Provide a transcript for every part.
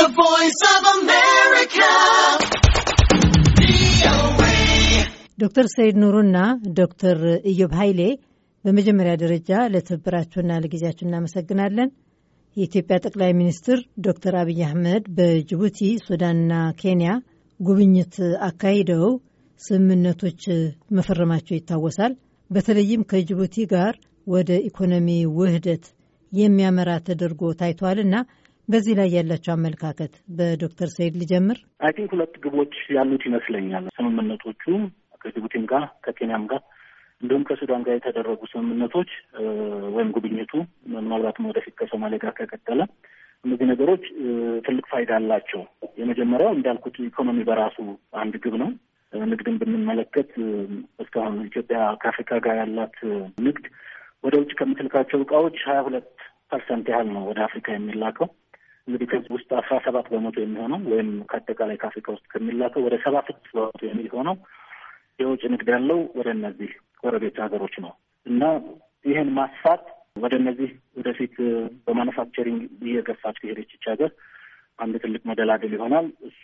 The Voice of America. ዶክተር ሰይድ ኑሩና ዶክተር ኢዮብ ኃይሌ በመጀመሪያ ደረጃ ለትብብራችሁና ለጊዜያችሁ እናመሰግናለን። የኢትዮጵያ ጠቅላይ ሚኒስትር ዶክተር አብይ አህመድ በጅቡቲ ሱዳንና ኬንያ ጉብኝት አካሂደው ስምምነቶች መፈረማቸው ይታወሳል። በተለይም ከጅቡቲ ጋር ወደ ኢኮኖሚ ውህደት የሚያመራ ተደርጎ ታይቷልና በዚህ ላይ ያላቸው አመለካከት በዶክተር ሰይድ ልጀምር። አይ ቲንክ ሁለት ግቦች ያሉት ይመስለኛል። ስምምነቶቹ ከጅቡቲም ጋር ከኬንያም ጋር እንዲሁም ከሱዳን ጋር የተደረጉ ስምምነቶች ወይም ጉብኝቱ ምናልባትም ወደፊት ከሶማሌ ጋር ከቀጠለ እነዚህ ነገሮች ትልቅ ፋይዳ አላቸው። የመጀመሪያው እንዳልኩት ኢኮኖሚ በራሱ አንድ ግብ ነው። ንግድን ብንመለከት እስካሁን ኢትዮጵያ ከአፍሪካ ጋር ያላት ንግድ ወደ ውጭ ከምትልካቸው እቃዎች ሀያ ሁለት ፐርሰንት ያህል ነው ወደ አፍሪካ የሚላከው። እንግዲህ ከዚህ ውስጥ አስራ ሰባት በመቶ የሚሆነው ወይም ከአጠቃላይ ከአፍሪካ ውስጥ ከሚላከው ወደ ሰባ በመቶ የሚሆነው የውጭ ንግድ ያለው ወደ እነዚህ ጎረቤት ሀገሮች ነው እና ይህን ማስፋት ወደ እነዚህ ወደፊት በማኑፋክቸሪንግ እየገፋች ከሄደች ይች ሀገር አንድ ትልቅ መደላደል ይሆናል። እሱ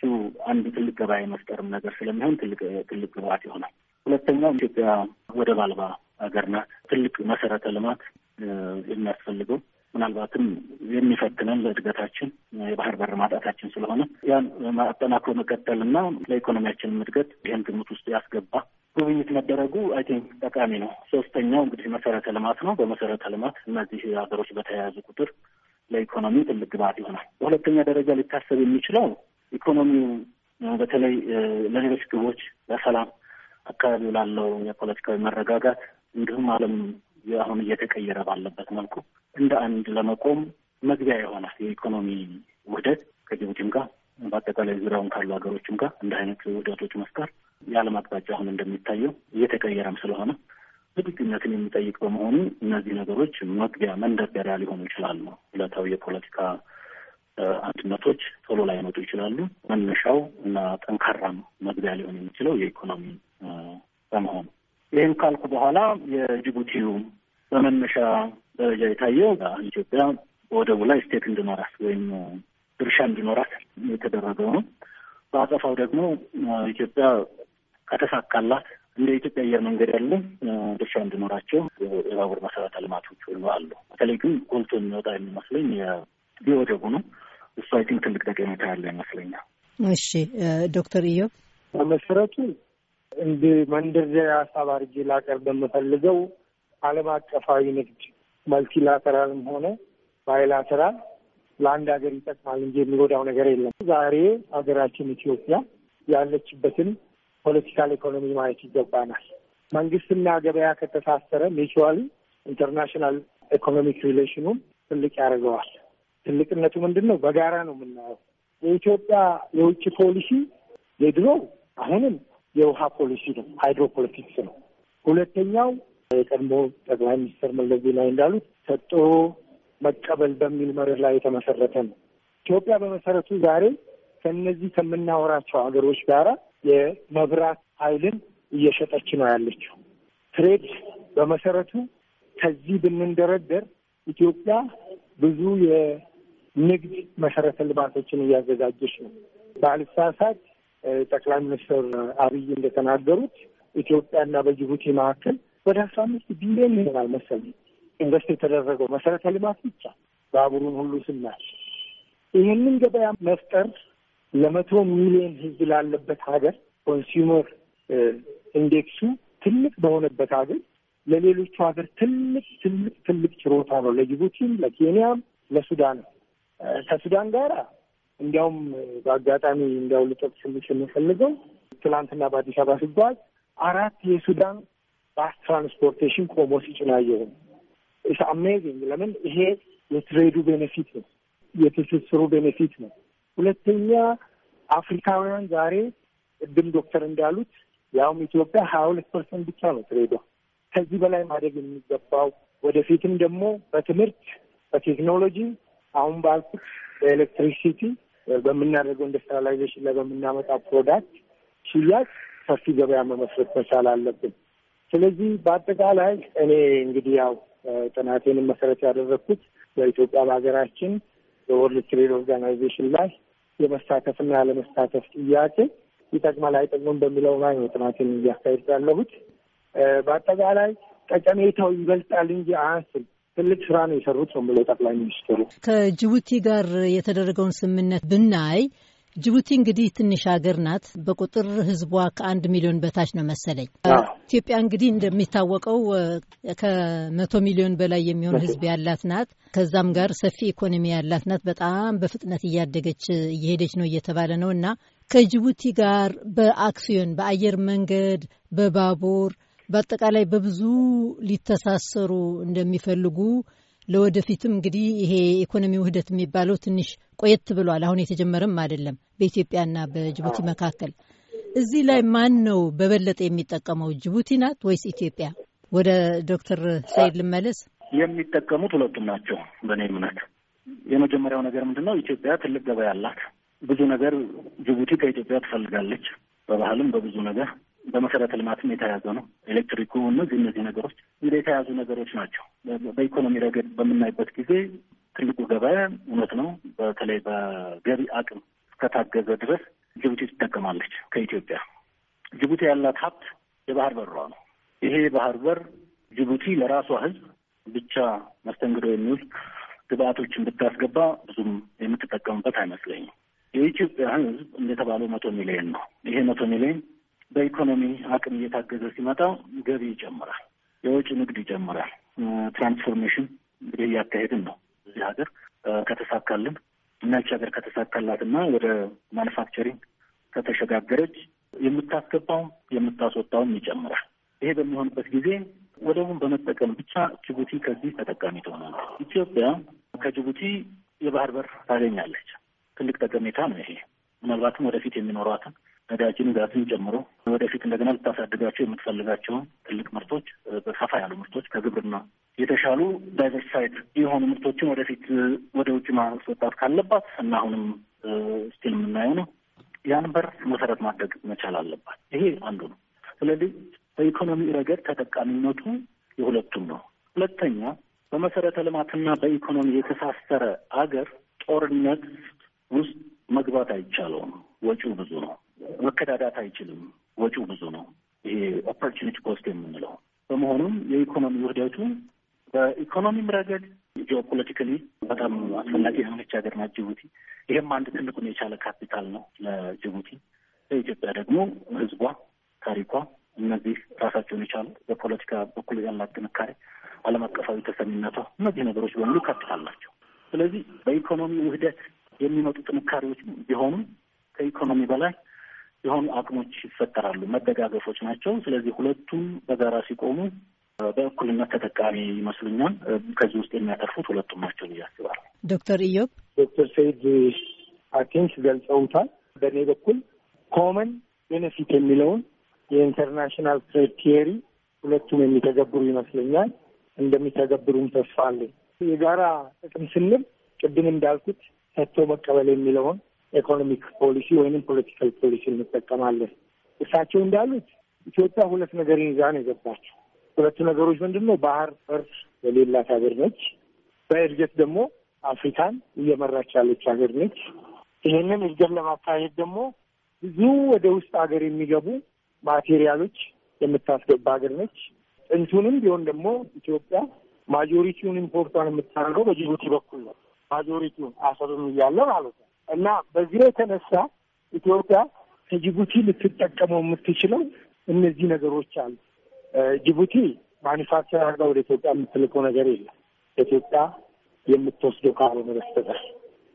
አንድ ትልቅ ገበያ የመፍጠርም ነገር ስለሚሆን ትልቅ ትልቅ ግብአት ይሆናል። ሁለተኛው ኢትዮጵያ ወደብ አልባ ሀገር ናት። ትልቅ መሰረተ ልማት የሚያስፈልገው ምናልባትም የሚፈትነን ለእድገታችን የባህር በር ማጣታችን ስለሆነ ያን አጠናክሮ መቀጠል እና ለኢኮኖሚያችንም እድገት ይህን ግምት ውስጥ ያስገባ ጉብኝት መደረጉ አይ ቲንክ ጠቃሚ ነው። ሶስተኛው እንግዲህ መሰረተ ልማት ነው። በመሰረተ ልማት እነዚህ ሀገሮች በተያያዙ ቁጥር ለኢኮኖሚ ትልቅ ግብዓት ይሆናል። በሁለተኛ ደረጃ ሊታሰብ የሚችለው ኢኮኖሚው በተለይ ለሌሎች ግቦች ለሰላም አካባቢው ላለው የፖለቲካዊ መረጋጋት እንዲሁም ዓለም አሁን እየተቀየረ ባለበት መልኩ እንደ አንድ ለመቆም መግቢያ የሆነ የኢኮኖሚ ውህደት ከጅቡቲም ጋር በአጠቃላይ ዙሪያውን ካሉ ሀገሮችም ጋር እንደ አይነት ውህደቶች መፍጠር የዓለም አቅጣጫ አሁን እንደሚታየው እየተቀየረም ስለሆነ ዝግጁነትን የሚጠይቅ በመሆኑ እነዚህ ነገሮች መግቢያ መንደርደሪያ ሊሆኑ ይችላሉ። ሁለታዊ የፖለቲካ አንድነቶች ቶሎ ላይመጡ ይችላሉ። መነሻው እና ጠንካራም መግቢያ ሊሆን የሚችለው የኢኮኖሚ በመሆኑ ይህን ካልኩ በኋላ የጅቡቲው በመነሻ ደረጃ የታየው ኢትዮጵያ ወደቡ ላይ ስቴት እንድኖራት ወይም ድርሻ እንዲኖራት የተደረገው ነው። በአጸፋው ደግሞ ኢትዮጵያ ከተሳካላት እንደ ኢትዮጵያ አየር መንገድ ያለ ድርሻ እንዲኖራቸው የባቡር መሰረተ ልማቶች አሉ። በተለይ ግን ጎልቶ የሚወጣ የሚመስለኝ የወደቡ ነው። እሱ አይ ቲንክ ትልቅ ጠቀሜታ ያለ ይመስለኛል። እሺ ዶክተር ኢዮብ በመሰረቱ እንደ መንደርደሪያ ሀሳብ አድርጌ ላቀርብ የምፈልገው ዓለም አቀፋዊ ንግድ መልቲላተራልም ሆነ ባይላተራል ለአንድ ሀገር ይጠቅማል እንጂ የሚጎዳው ነገር የለም። ዛሬ ሀገራችን ኢትዮጵያ ያለችበትን ፖለቲካል ኢኮኖሚ ማየት ይገባናል። መንግስትና ገበያ ከተሳሰረ ሚቹዋል ኢንተርናሽናል ኢኮኖሚክ ሪሌሽኑን ትልቅ ያደርገዋል። ትልቅነቱ ምንድን ነው? በጋራ ነው የምናየው። የኢትዮጵያ የውጭ ፖሊሲ የድሮ አሁንም የውሃ ፖሊሲ ነው፣ ፖለቲክስ ነው። ሁለተኛው የቀድሞ ጠቅላይ ሚኒስትር መለስ ዜናዊ እንዳሉት ሰጥቶ መቀበል በሚል መርህ ላይ የተመሰረተ ነው። ኢትዮጵያ በመሰረቱ ዛሬ ከእነዚህ ከምናወራቸው ሀገሮች ጋር የመብራት ኃይልን እየሸጠች ነው ያለችው። ትሬድ በመሰረቱ ከዚህ ብንንደረደር ኢትዮጵያ ብዙ የንግድ መሰረተ ልማቶችን እያዘጋጀች ነው። ባልሳሳት ጠቅላይ ሚኒስትር አብይ እንደተናገሩት ኢትዮጵያና በጅቡቲ መካከል ወደ አስራ አምስት ቢሊዮን ይሆናል መሰለኝ ኢንቨስት የተደረገው መሰረተ ልማት ብቻ ባቡሩን ሁሉ ስናል ይህንን ገበያ መፍጠር ለመቶ ሚሊዮን ህዝብ ላለበት ሀገር ኮንሱመር ኢንዴክሱ ትልቅ በሆነበት ሀገር ለሌሎቹ ሀገር ትልቅ ትልቅ ትልቅ ችሮታ ነው። ለጅቡቲም፣ ለኬንያም፣ ለሱዳን ከሱዳን ጋር እንዲያውም በአጋጣሚ እንዲያው ልጠቅስልሽ የምፈልገው ትላንትና በአዲስ አበባ ሲጓዝ አራት የሱዳን ባስ ትራንስፖርቴሽን ቆሞ ሲጭን አየሁም። አሜዚንግ። ለምን ይሄ የትሬዱ ቤኔፊት ነው፣ የትስስሩ ቤኔፊት ነው። ሁለተኛ አፍሪካውያን ዛሬ ቅድም ዶክተር እንዳሉት ያውም ኢትዮጵያ ሀያ ሁለት ፐርሰንት ብቻ ነው ትሬዷ። ከዚህ በላይ ማደግ የሚገባው ወደፊትም ደግሞ በትምህርት በቴክኖሎጂ አሁን ባልኩት በኤሌክትሪሲቲ በምናደርገው ኢንዱስትሪያላይዜሽን ላይ በምናመጣ ፕሮዳክት ሽያጭ ሰፊ ገበያ መመስረት መቻል አለብን። ስለዚህ በአጠቃላይ እኔ እንግዲህ ያው ጥናቴንም መሰረት ያደረግኩት በኢትዮጵያ በሀገራችን የወርልድ ትሬድ ኦርጋናይዜሽን ላይ የመሳተፍና ያለመሳተፍ ጥያቄ ይጠቅማል አይጠቅምም በሚለው ላይ ነው ጥናቴን እያካሄድ ያለሁት። በአጠቃላይ ጠቀሜታው ይበልጣል እንጂ አያንስም። ትልቅ ስራ ነው የሰሩት ነው ብለው ጠቅላይ ሚኒስትሩ ከጅቡቲ ጋር የተደረገውን ስምምነት ብናይ ጅቡቲ እንግዲህ ትንሽ ሀገር ናት። በቁጥር ህዝቧ ከአንድ ሚሊዮን በታች ነው መሰለኝ። ኢትዮጵያ እንግዲህ እንደሚታወቀው ከመቶ ሚሊዮን በላይ የሚሆን ህዝብ ያላት ናት። ከዛም ጋር ሰፊ ኢኮኖሚ ያላት ናት። በጣም በፍጥነት እያደገች እየሄደች ነው እየተባለ ነው እና ከጅቡቲ ጋር በአክሲዮን በአየር መንገድ፣ በባቡር በአጠቃላይ በብዙ ሊተሳሰሩ እንደሚፈልጉ ለወደፊትም እንግዲህ ይሄ ኢኮኖሚ ውህደት የሚባለው ትንሽ ቆየት ብሏል። አሁን የተጀመረም አይደለም። በኢትዮጵያና በጅቡቲ መካከል እዚህ ላይ ማን ነው በበለጠ የሚጠቀመው? ጅቡቲ ናት ወይስ ኢትዮጵያ? ወደ ዶክተር ሰይድ ልመለስ። የሚጠቀሙት ሁለቱም ናቸው በእኔ እምነት። የመጀመሪያው ነገር ምንድነው ነው? ኢትዮጵያ ትልቅ ገበያ አላት። ብዙ ነገር ጅቡቲ ከኢትዮጵያ ትፈልጋለች፣ በባህልም በብዙ ነገር በመሰረተ ልማትም የተያዘ ነው። ኤሌክትሪኩ፣ እነዚህ እነዚህ ነገሮች እንግዲህ የተያዙ ነገሮች ናቸው። በኢኮኖሚ ረገድ በምናይበት ጊዜ ትልቁ ገበያ እውነት ነው። በተለይ በገቢ አቅም እስከታገዘ ድረስ ጅቡቲ ትጠቀማለች ከኢትዮጵያ። ጅቡቲ ያላት ሀብት የባህር በሯ ነው። ይሄ የባህር በር ጅቡቲ ለራሷ ህዝብ ብቻ መስተንግዶ የሚውል ግብአቶችን ብታስገባ ብዙም የምትጠቀምበት አይመስለኝም። የኢትዮጵያ ህዝብ እንደተባለው መቶ ሚሊዮን ነው። ይሄ መቶ ሚሊዮን በኢኮኖሚ አቅም እየታገዘ ሲመጣ ገቢ ይጨምራል፣ የውጭ ንግድ ይጨምራል። ትራንስፎርሜሽን እንግዲህ እያካሄድን ነው እዚህ ሀገር ከተሳካልን እናች ሀገር ሀገር ከተሳካላትና ወደ ማኑፋክቸሪንግ ከተሸጋገረች የምታስገባው የምታስወጣውም ይጨምራል። ይሄ በሚሆንበት ጊዜ ወደቡን በመጠቀም ብቻ ጅቡቲ ከዚህ ተጠቃሚ ትሆናለች። ኢትዮጵያ ከጅቡቲ የባህር በር ታገኛለች። ትልቅ ጠቀሜታ ነው ይሄ። ምናልባትም ወደፊት የሚኖሯትን ነዳጅን፣ ጋዝን ጨምሮ ወደፊት እንደገና ልታሳድጋቸው የምትፈልጋቸውን ትልቅ ምርቶች፣ በሰፋ ያሉ ምርቶች ከግብርና የተሻሉ ዳይቨርሲፋይድ የሆኑ ምርቶችን ወደፊት ወደ ውጭ ማስወጣት ካለባት እና አሁንም ስቲል የምናየው ነው ያን በር መሰረት ማድረግ መቻል አለባት። ይሄ አንዱ ነው። ስለዚህ በኢኮኖሚ ረገድ ተጠቃሚነቱ የሁለቱም ነው። ሁለተኛ በመሰረተ ልማትና በኢኮኖሚ የተሳሰረ አገር ጦርነት ውስጥ መግባት አይቻለውም። ወጪው ብዙ ነው። መከዳዳት አይችልም። ወጪው ብዙ ነው። ይሄ ኦፖርቹኒቲ ኮስት የምንለው በመሆኑም የኢኮኖሚ ውህደቱ በኢኮኖሚም ረገድ ጂኦፖለቲካሊ በጣም አስፈላጊ የሆነች ሀገር ናት ጅቡቲ። ይህም አንድ ትልቁን የቻለ ካፒታል ነው ለጅቡቲ። ለኢትዮጵያ ደግሞ ህዝቧ ታሪኳ፣ እነዚህ ራሳቸውን የቻሉ በፖለቲካ በኩል ያላት ጥንካሬ፣ ዓለም አቀፋዊ ተሰሚነቷ፣ እነዚህ ነገሮች በሙሉ ካፒታል ናቸው። ስለዚህ በኢኮኖሚ ውህደት የሚመጡ ጥንካሬዎች ቢሆኑም ከኢኮኖሚ በላይ የሆኑ አቅሞች ይፈጠራሉ፣ መደጋገፎች ናቸው። ስለዚህ ሁለቱም በጋራ ሲቆሙ በእኩልነት ተጠቃሚ ይመስሉኛል። ከዚህ ውስጥ የሚያተርፉት ሁለቱም ናቸው ብዬ አስባለሁ። ዶክተር ኢዮብ ዶክተር ሰይድ አቲንስ ገልጸውታል። በእኔ በኩል ኮመን ቤኔፊት የሚለውን የኢንተርናሽናል ትሬድ ቲየሪ ሁለቱም የሚተገብሩ ይመስለኛል። እንደሚተገብሩም ተስፋ አለኝ። የጋራ ጥቅም ስንል ቅድም እንዳልኩት ሰጥቶ መቀበል የሚለውን ኢኮኖሚክ ፖሊሲ ወይንም ፖለቲካል ፖሊሲ እንጠቀማለን። እሳቸው እንዳሉት ኢትዮጵያ ሁለት ነገር ይዛ ነው የገባቸው። ሁለቱ ነገሮች ምንድን ነው? ባህር በር የሌላት ሀገር ነች። በእድገት ደግሞ አፍሪካን እየመራች ያለች ሀገር ነች። ይህንን እድገት ለማካሄድ ደግሞ ብዙ ወደ ውስጥ ሀገር የሚገቡ ማቴሪያሎች የምታስገባ ሀገር ነች። ጥንቱንም ቢሆን ደግሞ ኢትዮጵያ ማጆሪቲውን ኢምፖርቷን የምታደርገው በጅቡቲ በኩል ነው። ማጆሪቲውን አሰብም እያለ ማለት ነው። እና በዚህ የተነሳ ኢትዮጵያ ከጅቡቲ ልትጠቀመው የምትችለው እነዚህ ነገሮች አሉ። ጅቡቲ ማኒፋክቸር አድርጋ ወደ ኢትዮጵያ የምትልከው ነገር የለም ኢትዮጵያ የምትወስደው ካልሆነ በስተቀር።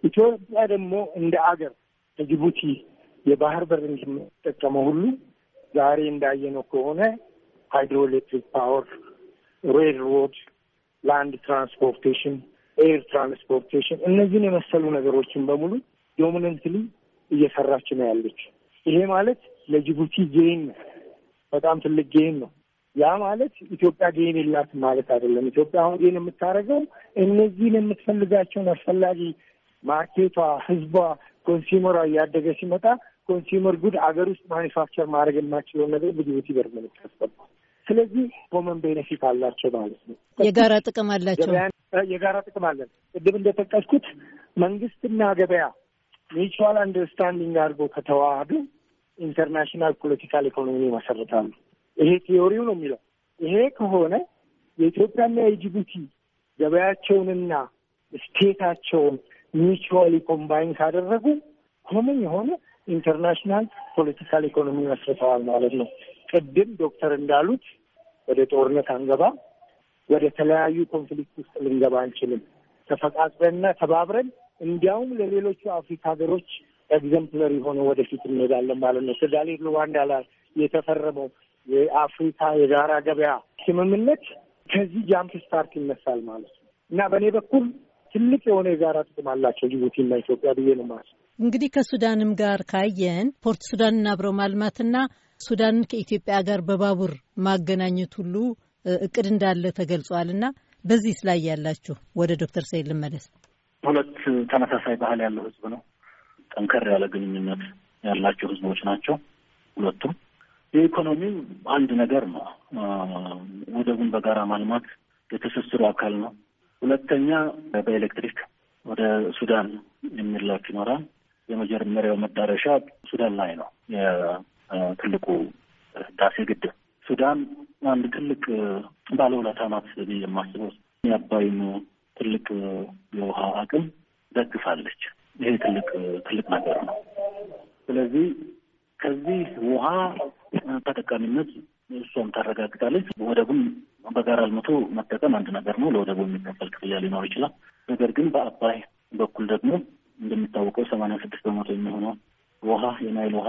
ኢትዮጵያ ደግሞ እንደ አገር ከጅቡቲ የባህር በር እንደምትጠቀመው ሁሉ ዛሬ እንዳየነው ከሆነ ሃይድሮኤሌክትሪክ ፓወር፣ ሬል ሮድ፣ ላንድ ትራንስፖርቴሽን፣ ኤር ትራንስፖርቴሽን እነዚህን የመሰሉ ነገሮችን በሙሉ ዶሚነንትሊ እየሰራች ነው ያለች። ይሄ ማለት ለጅቡቲ ጌን ነው፣ በጣም ትልቅ ጌን ነው። ያ ማለት ኢትዮጵያ ጌን የላትም ማለት አይደለም። ኢትዮጵያ አሁን ጌን የምታደርገው እነዚህን የምትፈልጋቸውን አስፈላጊ ማርኬቷ፣ ህዝቧ፣ ኮንሱመሯ እያደገ ሲመጣ ኮንሱመር ጉድ አገር ውስጥ ማኒፋክቸር ማድረግ የማችለውን ነገር በጅቡቲ በር ምንታስበባ ስለዚህ ኮመን ቤኔፊት አላቸው ማለት ነው። የጋራ ጥቅም አላቸው። የጋራ ጥቅም አለን። ቅድም እንደጠቀስኩት መንግስትና ገበያ ሚቹዋል አንደርስታንዲንግ አድርጎ ከተዋሃዱ ኢንተርናሽናል ፖለቲካል ኢኮኖሚ ይመሰርታሉ። ይሄ ቲዮሪው ነው የሚለው። ይሄ ከሆነ የኢትዮጵያና የጅቡቲ ገበያቸውንና ስቴታቸውን ሚቹዋሊ ኮምባይን ካደረጉ ኮመን የሆነ ኢንተርናሽናል ፖለቲካል ኢኮኖሚ መስርተዋል ማለት ነው። ቅድም ዶክተር እንዳሉት ወደ ጦርነት አንገባ፣ ወደ ተለያዩ ኮንፍሊክት ውስጥ ልንገባ አንችልም። ተፈቃቅረንና ተባብረን እንዲያውም ለሌሎቹ አፍሪካ ሀገሮች ኤግዘምፕለሪ የሆነ ወደፊት እንሄዳለን ማለት ነው። ስዳሌ ሩዋንዳ ላይ የተፈረመው የአፍሪካ የጋራ ገበያ ስምምነት ከዚህ ጃምፕ ስታርት ይነሳል ማለት ነው እና በእኔ በኩል ትልቅ የሆነ የጋራ ጥቅም አላቸው ጅቡቲና ኢትዮጵያ ብዬ ነው ማለት። እንግዲህ ከሱዳንም ጋር ካየን ፖርት ሱዳንን አብረው ማልማትና ሱዳንን ከኢትዮጵያ ጋር በባቡር ማገናኘት ሁሉ እቅድ እንዳለ ተገልጿል እና በዚህ ስላይ ያላችሁ ወደ ዶክተር ሰይድ ልመለስ። ሁለት ተመሳሳይ ባህል ያለው ህዝብ ነው። ጠንከር ያለ ግንኙነት ያላቸው ህዝቦች ናቸው ሁለቱም። የኢኮኖሚው አንድ ነገር ነው። ወደቡን በጋራ ማልማት የትስስሩ አካል ነው። ሁለተኛ በኤሌክትሪክ ወደ ሱዳን የሚላክ ይኖራል። የመጀመሪያው መዳረሻ ሱዳን ላይ ነው። የትልቁ ህዳሴ ግድብ ሱዳን አንድ ትልቅ ባለውለታ ናት ብዬ የማስበው የአባይን ትልቅ የውሃ አቅም ደግፋለች። ይሄ ትልቅ ትልቅ ነገር ነው። ስለዚህ ከዚህ ውሃ ተጠቃሚነት እሷም ታረጋግጣለች። ወደቡም በጋራ አልምቶ መጠቀም አንድ ነገር ነው። ለወደቡ የሚከፈል ክፍያ ሊኖር ይችላል። ነገር ግን በአባይ በኩል ደግሞ እንደሚታወቀው ሰማንያ ስድስት በመቶ የሚሆነው ውሃ የናይል ውሃ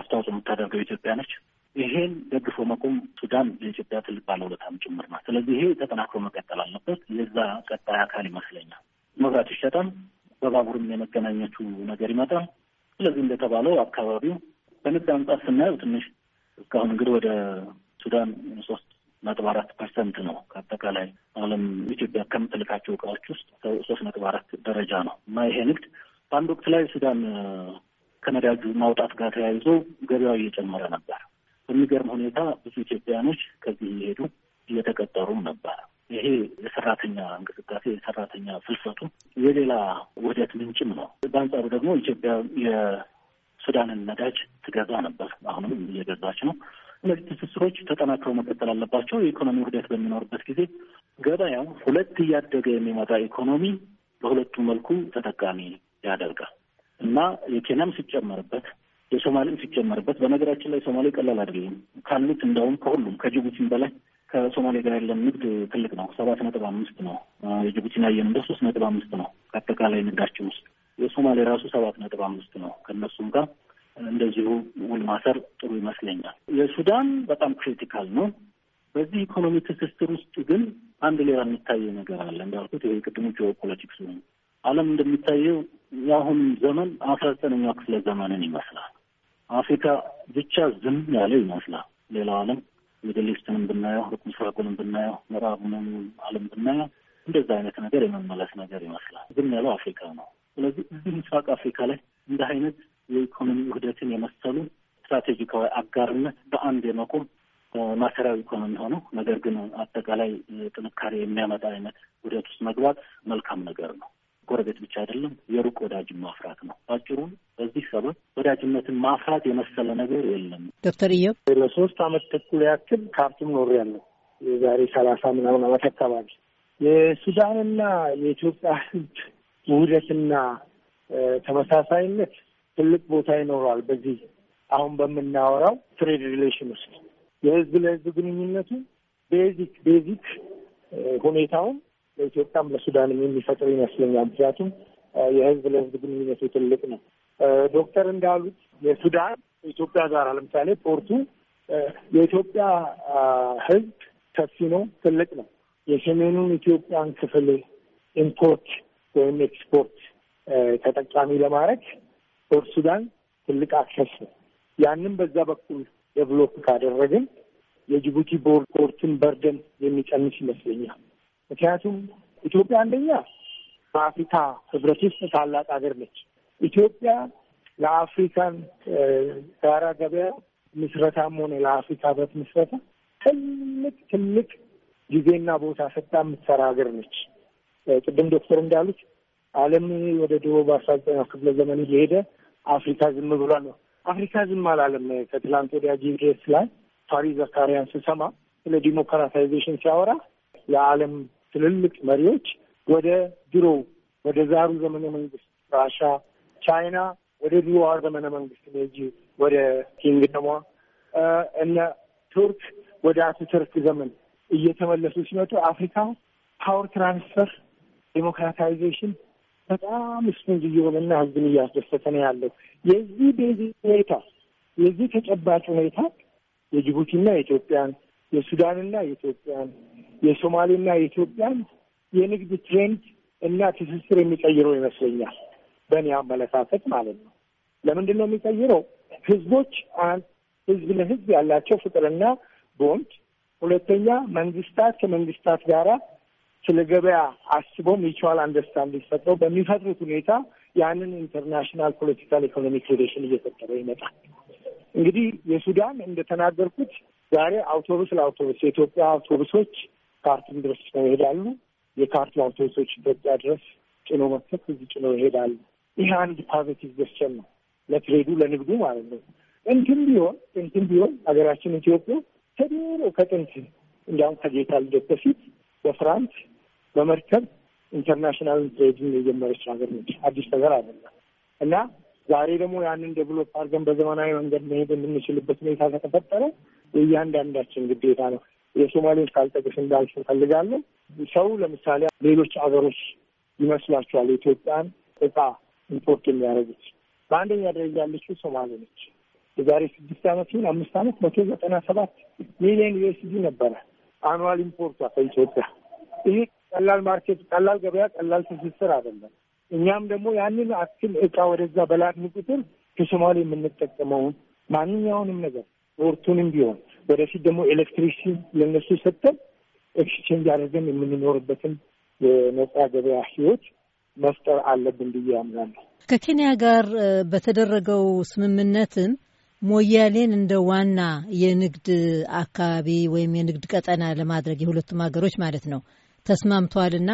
አስተዋጽኦ የምታደርገው ኢትዮጵያ ነች። ይሄን ደግፎ መቆም ሱዳን ለኢትዮጵያ ትልቅ ባለውለታም ጭምር ናት። ስለዚህ ይሄ ተጠናክሮ መቀጠል አለበት። የዛ ቀጣይ አካል ይመስለኛል። መብራት ይሸጣል፣ በባቡርም የመገናኘቱ ነገር ይመጣል። ስለዚህ እንደተባለው አካባቢው በንግድ አንጻር ስናየው ትንሽ እስካሁን እንግዲህ ወደ ሱዳን ሶስት ነጥብ አራት ፐርሰንት ነው ከአጠቃላይ ዓለም ኢትዮጵያ ከምትልካቸው እቃዎች ውስጥ ሶስት ነጥብ አራት ደረጃ ነው እና ይሄ ንግድ በአንድ ወቅት ላይ ሱዳን ከነዳጁ ማውጣት ጋር ተያይዞ ገበያው እየጨመረ ነበር። በሚገርም ሁኔታ ብዙ ኢትዮጵያኖች ከዚህ እየሄዱ እየተቀጠሩም ነበር። ይሄ የሰራተኛ እንቅስቃሴ የሰራተኛ ፍልሰቱ የሌላ ውህደት ምንጭም ነው። በአንጻሩ ደግሞ ኢትዮጵያ የሱዳንን ነዳጅ ትገዛ ነበር፣ አሁንም እየገዛች ነው። እነዚህ ትስስሮች ተጠናክረው መቀጠል አለባቸው። የኢኮኖሚ ውህደት በሚኖርበት ጊዜ ገበያው ሁለት እያደገ የሚመጣ ኢኮኖሚ በሁለቱ መልኩ ተጠቃሚ ያደርጋል እና የኬንያም ሲጨመርበት የሶማሌም ሲጨመርበት፣ በነገራችን ላይ ሶማሌ ቀላል አይደለም ካሉት እንደውም ከሁሉም ከጅቡቲም በላይ ከሶማሌ ጋር ያለን ንግድ ትልቅ ነው። ሰባት ነጥብ አምስት ነው። የጅቡቲን አየን እንደ ሶስት ነጥብ አምስት ነው ከአጠቃላይ ንግዳችን ውስጥ የሶማሌ ራሱ ሰባት ነጥብ አምስት ነው። ከእነሱም ጋር እንደዚሁ ውል ማሰር ጥሩ ይመስለኛል። የሱዳን በጣም ክሪቲካል ነው። በዚህ ኢኮኖሚ ትስስር ውስጥ ግን አንድ ሌላ የሚታየ ነገር አለ። እንዳልኩት ይሄ ቅድሙ ጂኦፖለቲክስ ነው። ዓለም እንደሚታየው የአሁኑ ዘመን አስራ ዘጠነኛው ክፍለ ዘመንን ይመስላል። አፍሪካ ብቻ ዝም ያለው ይመስላል። ሌላው ዓለም ሚድል ኢስትንም ብናየው፣ ሩቅ ምስራቁንም ብናየው፣ ምዕራቡንም ዓለም ብናየው እንደዛ አይነት ነገር የመመለስ ነገር ይመስላል። ዝም ያለው አፍሪካ ነው። ስለዚህ እዚህ ምስራቅ አፍሪካ ላይ እንደ አይነት የኢኮኖሚ ውህደትን የመሰሉ ስትራቴጂካዊ አጋርነት በአንድ የመቆም ማሰሪያዊ ኢኮኖሚ ሆነው ነገር ግን አጠቃላይ ጥንካሬ የሚያመጣ አይነት ውህደት ውስጥ መግባት መልካም ነገር ነው። ጎረቤት ብቻ አይደለም፣ የሩቅ ወዳጅን ማፍራት ነው። አጭሩ በዚህ ሰበብ ወዳጅነትን ማፍራት የመሰለ ነገር የለም። ዶክተር እየው ለሶስት አመት ተኩል ያክል ካርቱም ኖሬያለሁ። የዛሬ ሰላሳ ምናምን አመት አካባቢ የሱዳንና የኢትዮጵያ ህዝብ ውህደትና ተመሳሳይነት ትልቅ ቦታ ይኖረዋል። በዚህ አሁን በምናወራው ትሬድ ሪሌሽን ውስጥ የህዝብ ለህዝብ ግንኙነቱ ቤዚክ ቤዚክ ሁኔታውን ለኢትዮጵያም ለሱዳንም የሚፈጥር ይመስለኛል። ምክንያቱም የህዝብ ለህዝብ ግንኙነቱ ትልቅ ነው። ዶክተር እንዳሉት የሱዳን ኢትዮጵያ ጋር ለምሳሌ ፖርቱ የኢትዮጵያ ህዝብ ሰፊ ነው፣ ትልቅ ነው። የሰሜኑን ኢትዮጵያን ክፍል ኢምፖርት ወይም ኤክስፖርት ተጠቃሚ ለማድረግ ፖርት ሱዳን ትልቅ አክሰስ ነው። ያንም በዛ በኩል ዴቨሎፕ ካደረግን የጅቡቲ ቦርድ ፖርትን በርደን የሚቀንስ ይመስለኛል። ምክንያቱም ኢትዮጵያ አንደኛ በአፍሪካ ህብረት ውስጥ ታላቅ ሀገር ነች። ኢትዮጵያ ለአፍሪካን ጋራ ገበያ ምስረታም ሆነ ለአፍሪካ ህብረት ምስረታ ትልቅ ትልቅ ጊዜና ቦታ ሰጣ የምትሰራ ሀገር ነች። ቅድም ዶክተር እንዳሉት ዓለም ወደ ድሮ በአስራ ክፍለ ዘመን እየሄደ አፍሪካ ዝም ብሏል ነው። አፍሪካ ዝም አላለም። ከትላንት ወዲያ ጂፒኤስ ላይ ፓሪ ዘካሪያን ስሰማ ስለ ዲሞክራታይዜሽን ሲያወራ ለዓለም ትልልቅ መሪዎች ወደ ድሮ ወደ ዛሩ ዘመነ መንግስት ራሻ፣ ቻይና ወደ ድሮዋ ዘመነ መንግስት ሜጂ ወደ ኪንግደሟ እነ ቱርክ ወደ አትተርክ ዘመን እየተመለሱ ሲመጡ አፍሪካ ፓወር ትራንስፈር ዴሞክራታይዜሽን በጣም ስሙዝ እየሆነና ህዝብን እያስደሰተ ነው ያለው። የዚህ ቤዚ ሁኔታ የዚህ ተጨባጭ ሁኔታ የጅቡቲና የኢትዮጵያን የሱዳንና የኢትዮጵያን የሶማሌና የኢትዮጵያን የንግድ ትሬንድ እና ትስስር የሚቀይረው ይመስለኛል። በእኔ አመለካከት ማለት ነው። ለምንድን ነው የሚቀይረው? ህዝቦች ህዝብ ለህዝብ ያላቸው ፍቅርና ቦንድ፣ ሁለተኛ መንግስታት ከመንግስታት ጋር ስለ ገበያ አስበው ሚቹዋል አንደርስታንዲንግ ሊፈጥረው በሚፈጥሩት ሁኔታ ያንን ኢንተርናሽናል ፖለቲካል ኢኮኖሚክ ሪሌሽን እየፈጠረ ይመጣል። እንግዲህ የሱዳን እንደተናገርኩት ዛሬ አውቶቡስ ለአውቶቡስ የኢትዮጵያ አውቶቡሶች ካርቱም ድረስ ጭነው ይሄዳሉ። የካርቱም አውቶቡሶች በዛ ድረስ ጭኖ መጥተት እዚህ ጭኖ ይሄዳሉ። ይህ አንድ ፓዘቲቭ ገስቸን ነው ለትሬዱ ለንግዱ ማለት ነው። እንትን ቢሆን እንትን ቢሆን ሀገራችን ኢትዮጵያ ከድሮ ከጥንት እንዲያውም ከጌታ ልደት በፊት በፍራንስ በመርከብ ኢንተርናሽናል ትሬድን የጀመረች ሀገር ነች። አዲስ ነገር አይደለም እና ዛሬ ደግሞ ያንን ዴቨሎፕ አድርገን በዘመናዊ መንገድ መሄድ የምንችልበት ሁኔታ ከተፈጠረ የእያንዳንዳችን ግዴታ ነው። የሶማሌዎች ካልጠቅስ እንዳልሽ እንፈልጋለን። ሰው ለምሳሌ ሌሎች አገሮች ይመስላችኋል የኢትዮጵያን እቃ ኢምፖርት የሚያደርጉት በአንደኛ ደረጃ ያለችው ሶማሌ ነች። የዛሬ ስድስት ዓመት ይሁን አምስት ዓመት መቶ ዘጠና ሰባት ሚሊዮን ዩኤስዲ ነበረ አኑዋል ኢምፖርቷ ከኢትዮጵያ። ይህ ቀላል ማርኬት፣ ቀላል ገበያ፣ ቀላል ትስስር አይደለም። እኛም ደግሞ ያንን አክል እቃ ወደዛ በላክን ቁጥር ከሶማሌ የምንጠቀመውን ማንኛውንም ነገር ወርቱንም ቢሆን ወደፊት ደግሞ ኤሌክትሪክሲ ለነሱ ሰጥተን ኤክስቼንጅ አድርገን የምንኖርበትን የነጻ ገበያ ህይወት መፍጠር አለብን ብዬ ያምናለሁ። ከኬንያ ጋር በተደረገው ስምምነትም ሞያሌን እንደ ዋና የንግድ አካባቢ ወይም የንግድ ቀጠና ለማድረግ የሁለቱም ሀገሮች ማለት ነው ተስማምተዋልና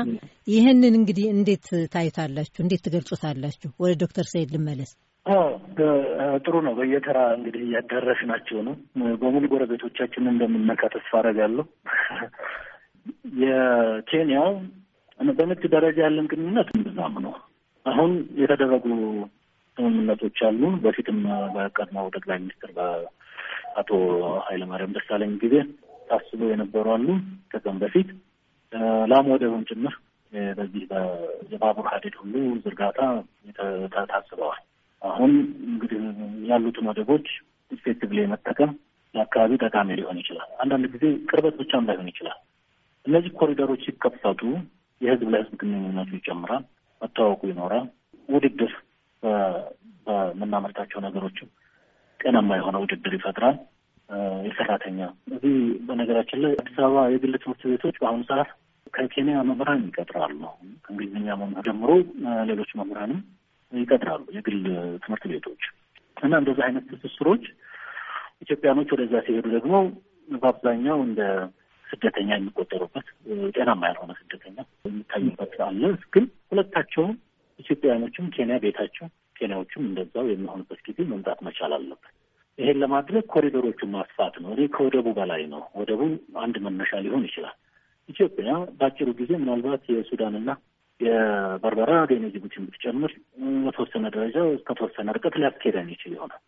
ይህንን እንግዲህ እንዴት ታይታላችሁ እንዴት ትገልጹታላችሁ? ወደ ዶክተር ሰይድ ልመለስ። ጥሩ ነው። በየተራ እንግዲህ እያዳረስ ናቸው ነው በሙሉ ጎረቤቶቻችን እንደምንነካ ተስፋ አደርጋለሁ። የኬንያው በንግድ ደረጃ ያለን ግንኙነት እንድናም ነው። አሁን የተደረጉ ስምምነቶች አሉ። በፊትም በቀድሞው ጠቅላይ ሚኒስትር በአቶ ኃይለማርያም ደሳለኝ ጊዜ ታስበው የነበሩ አሉ። ከዚም በፊት ላም ወደብም ጭምር በዚህ የባቡር ሀዲድ ሁሉ ዝርጋታ ታስበዋል። አሁን እንግዲህ ያሉትን ወደቦች ላይ መጠቀም ለአካባቢው ጠቃሚ ሊሆን ይችላል። አንዳንድ ጊዜ ቅርበት ብቻም ላይሆን ይችላል። እነዚህ ኮሪደሮች ሲከፈቱ የህዝብ ለህዝብ ግንኙነቱ ይጨምራል፣ መታወቁ ይኖራል። ውድድር በምናመርታቸው ነገሮችም ጤናማ የሆነ ውድድር ይፈጥራል። የሰራተኛ እዚህ በነገራችን ላይ አዲስ አበባ የግል ትምህርት ቤቶች በአሁኑ ሰዓት ከኬንያ መምህራን ይቀጥራሉ። ከእንግሊዝኛ መምህር ጀምሮ ሌሎች መምህራንም ይቀጥራሉ የግል ትምህርት ቤቶች እና እንደዚህ አይነት ትስስሮች ኢትዮጵያኖች ወደዛ ሲሄዱ ደግሞ በአብዛኛው እንደ ስደተኛ የሚቆጠሩበት ጤናማ ያልሆነ ስደተኛ የሚታዩበት አለ። ግን ሁለታቸውም ኢትዮጵያውያኖችም ኬንያ ቤታቸው ኬንያዎችም እንደዛው የሚሆኑበት ጊዜ መምጣት መቻል አለበት። ይሄን ለማድረግ ኮሪደሮቹን ማስፋት ነው። እኔ ከወደቡ በላይ ነው። ወደቡ አንድ መነሻ ሊሆን ይችላል። ኢትዮጵያ በአጭሩ ጊዜ ምናልባት የሱዳንና የበርበራ ወደነ ጅቡቲን ብትጨምር በተወሰነ ደረጃ ከተወሰነ ርቀት ሊያስኬደን ይችል ይሆናል።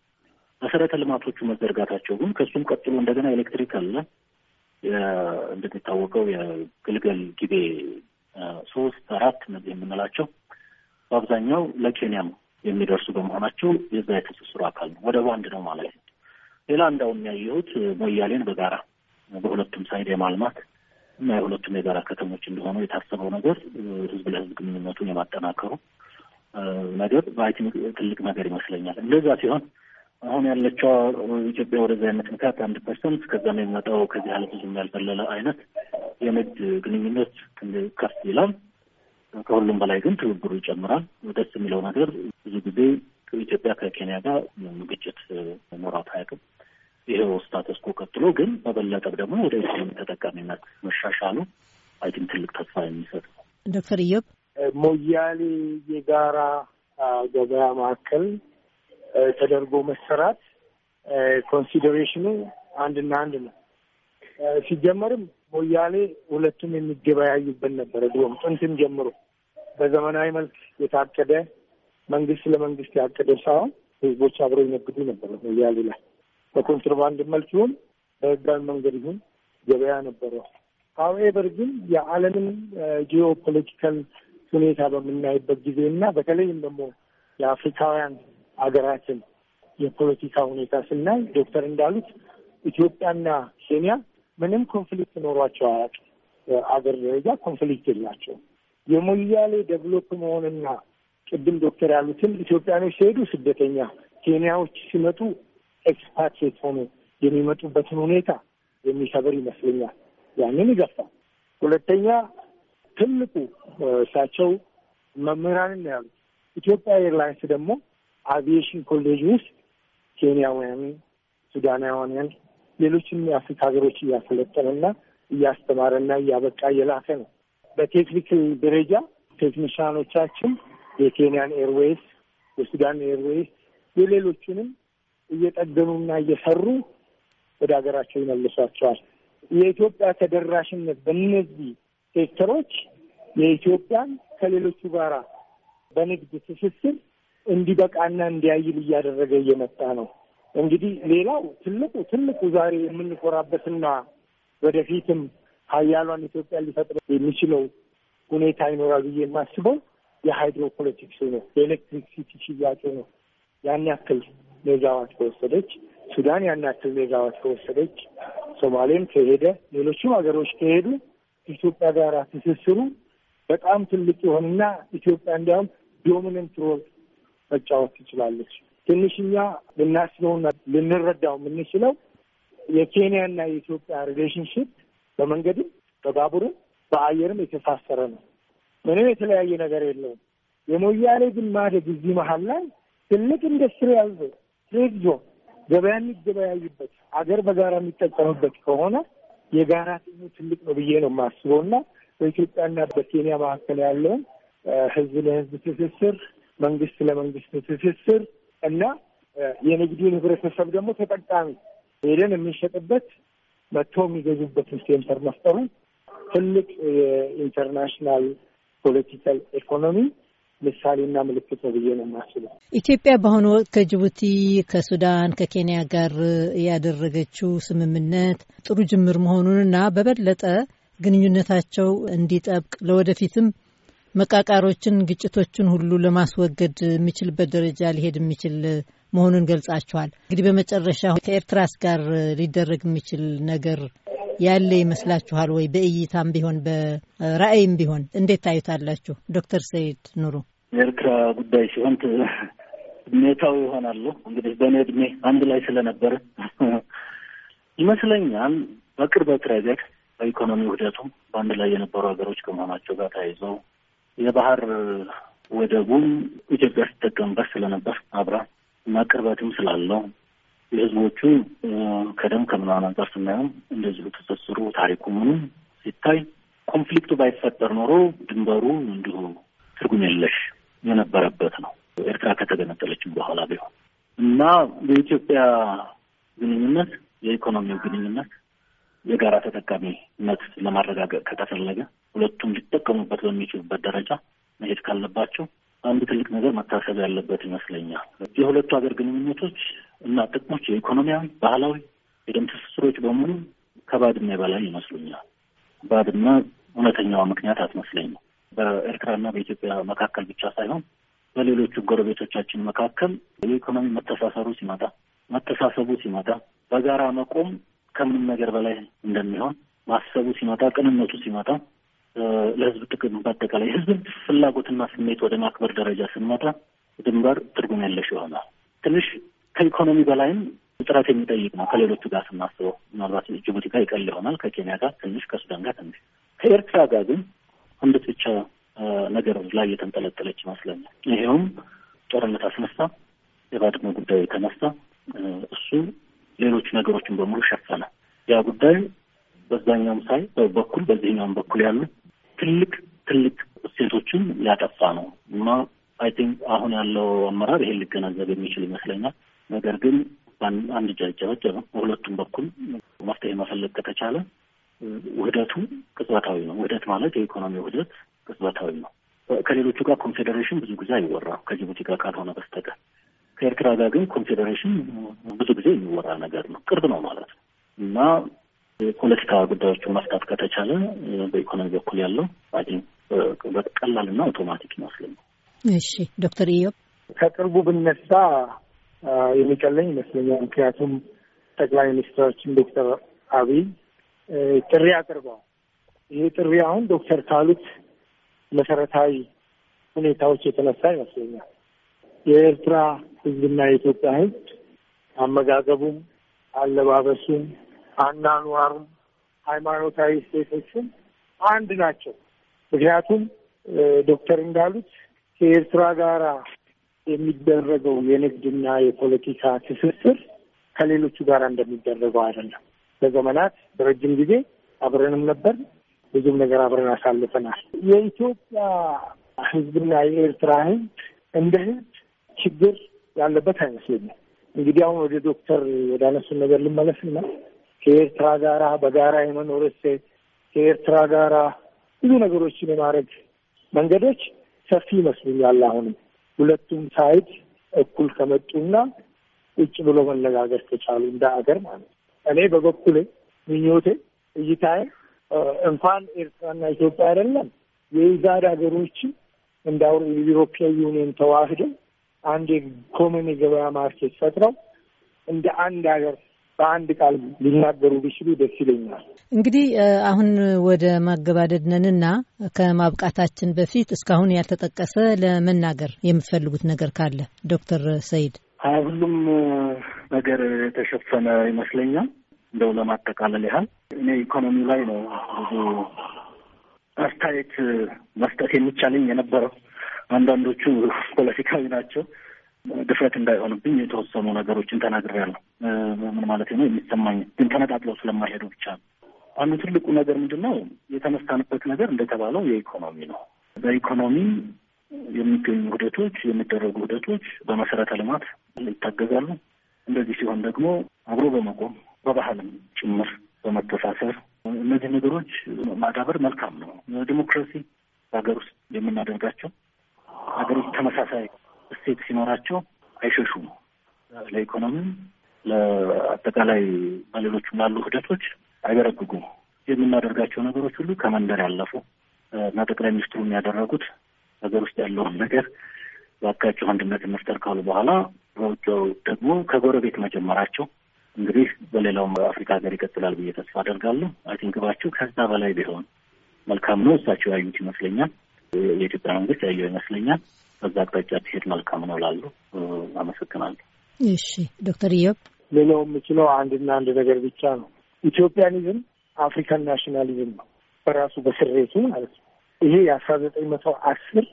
መሰረተ ልማቶቹ መዘርጋታቸው ግን ከእሱም ቀጥሎ እንደገና ኤሌክትሪክ አለ። እንደሚታወቀው የግልገል ጊቤ ሶስት አራት እነዚህ የምንላቸው በአብዛኛው ለኬንያም የሚደርሱ በመሆናቸው የዛ የትስስሩ አካል ነው። ወደቡ አንድ ነው ማለት ነው። ሌላ እንዳውም ያየሁት ሞያሌን በጋራ በሁለቱም ሳይድ የማልማት እና የሁለቱም የጋራ ከተሞች እንደሆነ የታሰበው ነገር ህዝብ ለህዝብ ግንኙነቱን የማጠናከሩ ነገር በአይቲ ትልቅ ነገር ይመስለኛል። እንደዛ ሲሆን አሁን ያለችው ኢትዮጵያ ወደዛ አይነት ምክንያት አንድ ፐርሰንት ከዛም የሚመጣው ከዚህ አይነት ብዙም ያልበለለ አይነት የንግድ ግንኙነት ከፍ ይላል። ከሁሉም በላይ ግን ትብብሩ ይጨምራል። ደስ የሚለው ነገር ብዙ ጊዜ ኢትዮጵያ ከኬንያ ጋር ግጭት ኖራት አያውቅም። ይሄው ስታተስ ኮ ቀጥሎ ግን በበለጠ ደግሞ ወደ ኢኮኖሚ ተጠቃሚነት መሻሻሉ አይቲም ትልቅ ተስፋ የሚሰጥ ነው። ዶክተር እዮብ ሞያሌ የጋራ ገበያ ማዕከል ተደርጎ መሰራት ኮንሲደሬሽኑ አንድና አንድ ነው። ሲጀመርም ሞያሌ ሁለቱም የሚገበያዩበት ነበረ። ድሮም ጥንትም ጀምሮ በዘመናዊ መልክ የታቀደ መንግስት ለመንግስት ያቀደ ሳይሆን ህዝቦች አብረው ይነግዱ ነበረ ሞያሌ ላይ በኮንትሮባንድ መልክ ይሁን በህጋዊ መንገድ ይሁን ገበያ ነበረው። ሀዌቨር ግን የዓለምን ጂኦፖለቲካል ሁኔታ በምናይበት ጊዜ እና በተለይም ደግሞ የአፍሪካውያን ሀገራትን የፖለቲካ ሁኔታ ስናይ ዶክተር እንዳሉት ኢትዮጵያና ኬንያ ምንም ኮንፍሊክት ኖሯቸው አያውቅም። አገር ደረጃ ኮንፍሊክት የላቸውም። የሞያሌ ደብሎፕ መሆንና ቅድም ዶክተር ያሉትን ኢትዮጵያኖች ሲሄዱ ስደተኛ፣ ኬንያዎች ሲመጡ ኤክስፓትሪት ሆኑ የሚመጡበትን ሁኔታ የሚሰብር ይመስለኛል። ያንን ይገፋል። ሁለተኛ ትልቁ እሳቸው መምህራንን ያሉት ኢትዮጵያ ኤርላይንስ ደግሞ አቪዬሽን ኮሌጅ ውስጥ ኬንያውያንን፣ ሱዳናውያን፣ ሌሎችም የአፍሪካ ሀገሮች እያሰለጠነና እያስተማረና እያበቃ እየላከ ነው። በቴክኒክ ደረጃ ቴክኒሽያኖቻችን የኬንያን ኤርዌይስ፣ የሱዳን ኤርዌይስ፣ የሌሎችንም እየጠገኑና እየሰሩ ወደ ሀገራቸው ይመልሷቸዋል። የኢትዮጵያ ተደራሽነት በእነዚህ ሴክተሮች የኢትዮጵያን ከሌሎቹ ጋራ በንግድ ትስስር እንዲበቃና እንዲያይል እያደረገ እየመጣ ነው። እንግዲህ ሌላው ትልቁ ትልቁ ዛሬ የምንኮራበትና ወደፊትም ሀያሏን ኢትዮጵያ ሊፈጥር የሚችለው ሁኔታ ይኖራል ብዬ የማስበው የሃይድሮፖለቲክሱ ነው፣ የኤሌክትሪክ ሲቲ ሽያጩ ነው። ያን ያክል ሜጋዋት ከወሰደች፣ ሱዳን ያን ያክል ሜጋዋት ከወሰደች፣ ሶማሌም ከሄደ፣ ሌሎችም ሀገሮች ከሄዱ ኢትዮጵያ ጋር ትስስሩ በጣም ትልቅ የሆንና ኢትዮጵያ እንዲያውም ዶሚነንት ሮል መጫወት ትችላለች። ትንሽኛ ልናስበውና ልንረዳው የምንችለው የኬንያና የኢትዮጵያ ሪሌሽንሽፕ በመንገድም በባቡርም በአየርም የተሳሰረ ነው። ምንም የተለያየ ነገር የለውም። የሞያሌ ግን ማደግ እዚህ መሀል ላይ ትልቅ ኢንዱስትሪ ያዘ ሬግዞ ገበያ የሚገበያዩበት አገር በጋራ የሚጠቀምበት ከሆነ የጋራ ጥቅሙ ትልቅ ነው ብዬ ነው የማስበው እና በኢትዮጵያና በኬንያ መካከል ያለውን ህዝብ ለህዝብ ትስስር፣ መንግስት ለመንግስት ትስስር እና የንግዱን ህብረተሰብ ደግሞ ተጠቃሚ ሄደን የምንሸጥበት መጥቶ የሚገዙበትን ሴንተር መፍጠሩ ትልቅ የኢንተርናሽናል ፖለቲካል ኢኮኖሚ ምሳሌና ምልክት ነው ብዬ ነው የማስበው። ኢትዮጵያ በአሁኑ ወቅት ከጅቡቲ፣ ከሱዳን፣ ከኬንያ ጋር ያደረገችው ስምምነት ጥሩ ጅምር መሆኑንና በበለጠ ግንኙነታቸው እንዲጠብቅ ለወደፊትም መቃቃሮችን፣ ግጭቶችን ሁሉ ለማስወገድ የሚችልበት ደረጃ ሊሄድ የሚችል መሆኑን ገልጻቸዋል። እንግዲህ በመጨረሻ ከኤርትራስ ጋር ሊደረግ የሚችል ነገር ያለ ይመስላችኋል ወይ? በእይታም ቢሆን በራዕይም ቢሆን እንዴት ታዩታላችሁ? ዶክተር ሰይድ ኑሩ የኤርትራ ጉዳይ ሲሆን ስሜታዊ ይሆናሉ። እንግዲህ በእኔ እድሜ አንድ ላይ ስለነበረ ይመስለኛል በቅርበት ረገድ በኢኮኖሚ ውህደቱ በአንድ ላይ የነበሩ ሀገሮች ከመሆናቸው ጋር ተያይዞ የባህር ወደቡም ኢትዮጵያ ስትጠቀምበት ስለነበር አብራ እና ቅርበትም ስላለው የህዝቦቹ ከደም ከምናምን አንጻር ስናየውም እንደዚሁ ትስስሩ ታሪኩ ምኑ ሲታይ ኮንፍሊክቱ ባይፈጠር ኖሮ ድንበሩ እንዲሁ ትርጉም የለሽ የነበረበት ነው ኤርትራ ከተገነጠለችም በኋላ ቢሆን እና የኢትዮጵያ ግንኙነት የኢኮኖሚው ግንኙነት የጋራ ተጠቃሚነት ለማረጋገጥ ከተፈለገ ሁለቱም ሊጠቀሙበት በሚችሉበት ደረጃ መሄድ ካለባቸው አንድ ትልቅ ነገር መታሰብ ያለበት ይመስለኛል። የሁለቱ ሀገር ግንኙነቶች እና ጥቅሞች የኢኮኖሚያዊ፣ ባህላዊ፣ የደም ትስስሮች በሙሉ ከባድመ በላይ ይመስሉኛል። ባድመ እውነተኛዋ ምክንያት አትመስለኝም። በኤርትራና በኢትዮጵያ መካከል ብቻ ሳይሆን በሌሎቹ ጎረቤቶቻችን መካከል የኢኮኖሚ መተሳሰሩ ሲመጣ መተሳሰቡ ሲመጣ በጋራ መቆም ከምንም ነገር በላይ እንደሚሆን ማሰቡ ሲመጣ ቅንነቱ ሲመጣ ለህዝብ ጥቅም በአጠቃላይ ሕዝብን ፍላጎትና ስሜት ወደ ማክበር ደረጃ ስንመጣ ድንበር ትርጉም የለሽ ይሆናል። ትንሽ ከኢኮኖሚ በላይም ጥረት የሚጠይቅ ነው። ከሌሎቹ ጋር ስናስበው ምናልባት ጅቡቲ ጋር ይቀል ይሆናል፣ ከኬንያ ጋር ትንሽ፣ ከሱዳን ጋር ትንሽ። ከኤርትራ ጋር ግን አንድ ብቻ ነገር ላይ የተንጠለጠለች ይመስለኛል። ይሄውም ጦርነት አስነሳ፣ የባድመ ጉዳይ ተነሳ። እሱ ሌሎች ነገሮችን በሙሉ ሸፈነ። ያ ጉዳይ በዛኛውም ሳይ በኩል በዚህኛውም በኩል ያሉ ትልቅ ትልቅ እሴቶችን ያጠፋ ነው እና አይ ቲንክ አሁን ያለው አመራር ይሄን ሊገነዘብ የሚችል ይመስለኛል። ነገር ግን አንድ ጃጃዎች በሁለቱም በኩል መፍትሄ መፈለግ ከተቻለ ውህደቱ ቅጽበታዊ ነው። ውህደት ማለት የኢኮኖሚ ውህደት ቅጽበታዊ ነው። ከሌሎቹ ጋር ኮንፌዴሬሽን ብዙ ጊዜ አይወራም፣ ከጅቡቲ ጋር ካልሆነ በስተቀር ከኤርትራ ጋር ግን ኮንፌዴሬሽን ብዙ ጊዜ የሚወራ ነገር ነው። ቅርብ ነው ማለት ነው እና የፖለቲካ ጉዳዮችን መፍታት ከተቻለ በኢኮኖሚ በኩል ያለው ቀላልና አውቶማቲክ ይመስለኛል። እሺ ዶክተር ኢዮብ ከቅርቡ ብነሳ የሚቀለኝ ይመስለኛል። ምክንያቱም ጠቅላይ ሚኒስትራችን ዶክተር አብይ ጥሪ አቅርበው ይሄ ጥሪ አሁን ዶክተር ካሉት መሰረታዊ ሁኔታዎች የተነሳ ይመስለኛል። የኤርትራ ሕዝብና የኢትዮጵያ ሕዝብ አመጋገቡም፣ አለባበሱም፣ አናኗሩም፣ ሃይማኖታዊ እሴቶቹም አንድ ናቸው። ምክንያቱም ዶክተር እንዳሉት ከኤርትራ ጋራ የሚደረገው የንግድና የፖለቲካ ትስስር ከሌሎቹ ጋር እንደሚደረገው አይደለም። በዘመናት በረጅም ጊዜ አብረንም ነበር፣ ብዙም ነገር አብረን አሳልፈናል። የኢትዮጵያ ሕዝብና የኤርትራ ሕዝብ እንደ ሕዝብ ችግር ያለበት አይመስለኝም። እንግዲህ አሁን ወደ ዶክተር ወዳነሱን አነሱን ነገር ልመለስና ከኤርትራ ጋራ በጋራ የመኖር እሴት ከኤርትራ ጋራ ብዙ ነገሮችን የማድረግ መንገዶች ሰፊ ይመስሉኛል አሁንም ሁለቱም ሳይድ እኩል ከመጡና ቁጭ ብሎ መነጋገር ከቻሉ እንደ ሀገር ማለት ነው። እኔ በበኩሌ ምኞቴ፣ እይታዬ እንኳን ኤርትራና ኢትዮጵያ አይደለም የኢዛድ ሀገሮችን እንደ ዩሮፒያ ዩኒየን ተዋህደው አንድ የኮመን የገበያ ማርኬት ፈጥረው እንደ አንድ ሀገር በአንድ ቃል ሊናገሩ ቢችሉ ደስ ይለኛል። እንግዲህ አሁን ወደ ማገባደድ ነንና ከማብቃታችን በፊት እስካሁን ያልተጠቀሰ ለመናገር የምትፈልጉት ነገር ካለ ዶክተር ሰይድ። ሁሉም ነገር የተሸፈነ ይመስለኛል። እንደው ለማጠቃለል ያህል እኔ ኢኮኖሚ ላይ ነው ብዙ አስተያየት መስጠት የሚቻለኝ የነበረው። አንዳንዶቹ ፖለቲካዊ ናቸው። ድፍረት እንዳይሆንብኝ የተወሰኑ ነገሮችን ተናግሬያለሁ። ምን ማለት ነው የሚሰማኝ ግን ተነጣጥለው ስለማይሄዱ ብቻ ነው። አንዱ ትልቁ ነገር ምንድን ነው የተነሳንበት ነገር እንደተባለው የኢኮኖሚ ነው። በኢኮኖሚ የሚገኙ ውህደቶች የሚደረጉ ውህደቶች በመሰረተ ልማት ይታገዛሉ። እንደዚህ ሲሆን ደግሞ አብሮ በመቆም በባህልም ጭምር በመተሳሰር እነዚህ ነገሮች ማዳበር መልካም ነው። ዲሞክራሲ በሀገር ውስጥ የምናደርጋቸው ሀገሮች ተመሳሳይ እሴት ሲኖራቸው አይሸሹም። ለኢኮኖሚም፣ ለአጠቃላይ በሌሎችም ላሉ ሂደቶች አይበረግጉም። የምናደርጋቸው ነገሮች ሁሉ ከመንደር ያለፉ እና ጠቅላይ ሚኒስትሩ ያደረጉት ሀገር ውስጥ ያለውን ነገር በአካቸው አንድነት መፍጠር ካሉ በኋላ በውጭው ደግሞ ከጎረቤት መጀመራቸው እንግዲህ በሌላውም አፍሪካ ሀገር ይቀጥላል ብዬ ተስፋ አደርጋለሁ። አይቲንክባቸው ከዛ በላይ ቢሆን መልካም ነው። እሳቸው ያዩት ይመስለኛል። የኢትዮጵያ መንግስት ያየው ይመስለኛል። በዛ አቅጣጫ ሲሄድ መልካም ነው ላሉ አመሰግናለሁ። እሺ ዶክተር እዮብ ሌላው የምችለው አንድና አንድ ነገር ብቻ ነው። ኢትዮጵያኒዝም አፍሪካን ናሽናሊዝም ነው በራሱ በስሬቱ ማለት ነው። ይሄ የአስራ ዘጠኝ መቶ አስር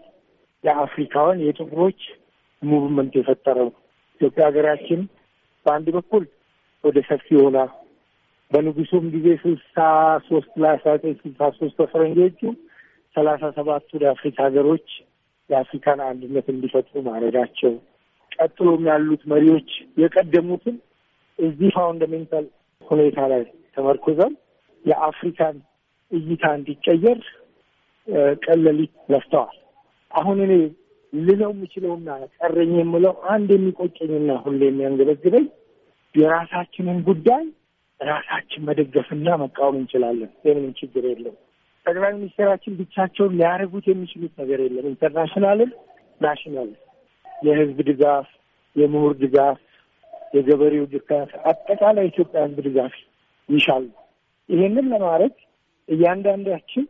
የአፍሪካውያን የጥቁሮች ሙቭመንት የፈጠረው ኢትዮጵያ ሀገራችን በአንድ በኩል ወደ ሰፊ ሆና በንጉሱም ጊዜ ስልሳ ሶስት ላይ ዘጠኝ ስልሳ ሶስት በፈረንጆቹ ሰላሳ ሰባት ወደ አፍሪካ ሀገሮች የአፍሪካን አንድነት እንዲፈጥሩ ማድረጋቸው፣ ቀጥሎም ያሉት መሪዎች የቀደሙትን እዚህ ፋውንደሜንታል ሁኔታ ላይ ተመርኩዘን የአፍሪካን እይታ እንዲቀየር ቀለሊት ለፍተዋል። አሁን እኔ ልለው የምችለውና ቀረኝ የምለው አንድ የሚቆጨኝና ሁሌ የሚያንገበግበኝ የራሳችንን ጉዳይ ራሳችን መደገፍና መቃወም እንችላለን። የምንም ችግር የለውም። ጠቅላይ ሚኒስትራችን ብቻቸውን ሊያደርጉት የሚችሉት ነገር የለም። ኢንተርናሽናልም ናሽናል የህዝብ ድጋፍ፣ የምሁር ድጋፍ፣ የገበሬው ድጋፍ፣ አጠቃላይ ኢትዮጵያ ህዝብ ድጋፍ ይሻሉ። ይሄንን ለማድረግ እያንዳንዳችን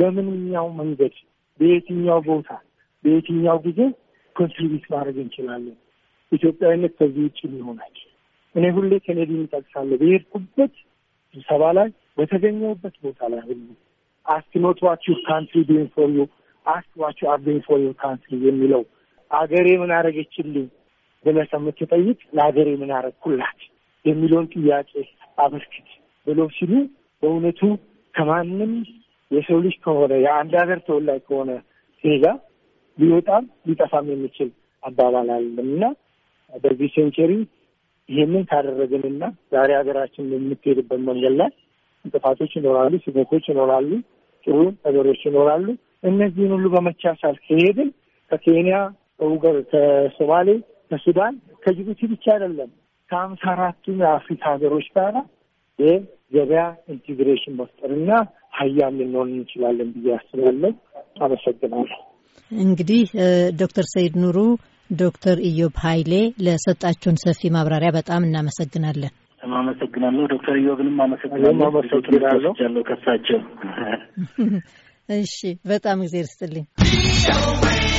በምንኛው መንገድ፣ በየትኛው ቦታ፣ በየትኛው ጊዜ ኮንትሪቢት ማድረግ እንችላለን። ኢትዮጵያዊነት ከዚህ ውጭ ሊሆናች እኔ ሁሌ ኬኔዲን እጠቅሳለሁ። በሄድኩበት ስብሰባ ላይ በተገኘሁበት ቦታ ላይ ሁሉ አስክ ኖት ዋት ዩር ካንትሪ ዱይንግ ፎር ዩ አስክ ዋት ዩ አር ዱይንግ ፎር ዩር ካንትሪ የሚለው አገሬ ምን አረገችልኝ ብለህ ከምትጠይቅ ለአገሬ ምን አረግኩላት የሚለውን ጥያቄ አበርክት ብሎ ሲሉ በእውነቱ ከማንም የሰው ልጅ ከሆነ የአንድ ሀገር ተወላጅ ከሆነ ዜጋ ሊወጣም ሊጠፋም የሚችል አባባል አለም እና በዚህ ሴንቸሪ ይህንን ካደረግንና ዛሬ ሀገራችን የምትሄድበት መንገድ ላይ ጥፋቶች ይኖራሉ፣ ስሜቶች ይኖራሉ። ጥሩ ነገሮች ይኖራሉ። እነዚህን ሁሉ በመቻቻል ከሄድን ከኬንያ፣ ከኡገር፣ ከሶማሌ፣ ከሱዳን፣ ከጅቡቲ ብቻ አይደለም ከአምሳ አራቱ የአፍሪካ ሀገሮች ጋር የገበያ ኢንቲግሬሽን መፍጠርና ሀያል ልንሆን እንችላለን ብዬ አስባለሁ። አመሰግናለሁ። እንግዲህ ዶክተር ሰይድ ኑሩ፣ ዶክተር ኢዮብ ሀይሌ ለሰጣችሁን ሰፊ ማብራሪያ በጣም እናመሰግናለን። አመሰግናለሁ። ዶክተር ዮብንም አመሰግናለሁ። አመሰግናለሁ ከሳቸው እሺ፣ በጣም እግዜር ይስጥልኝ።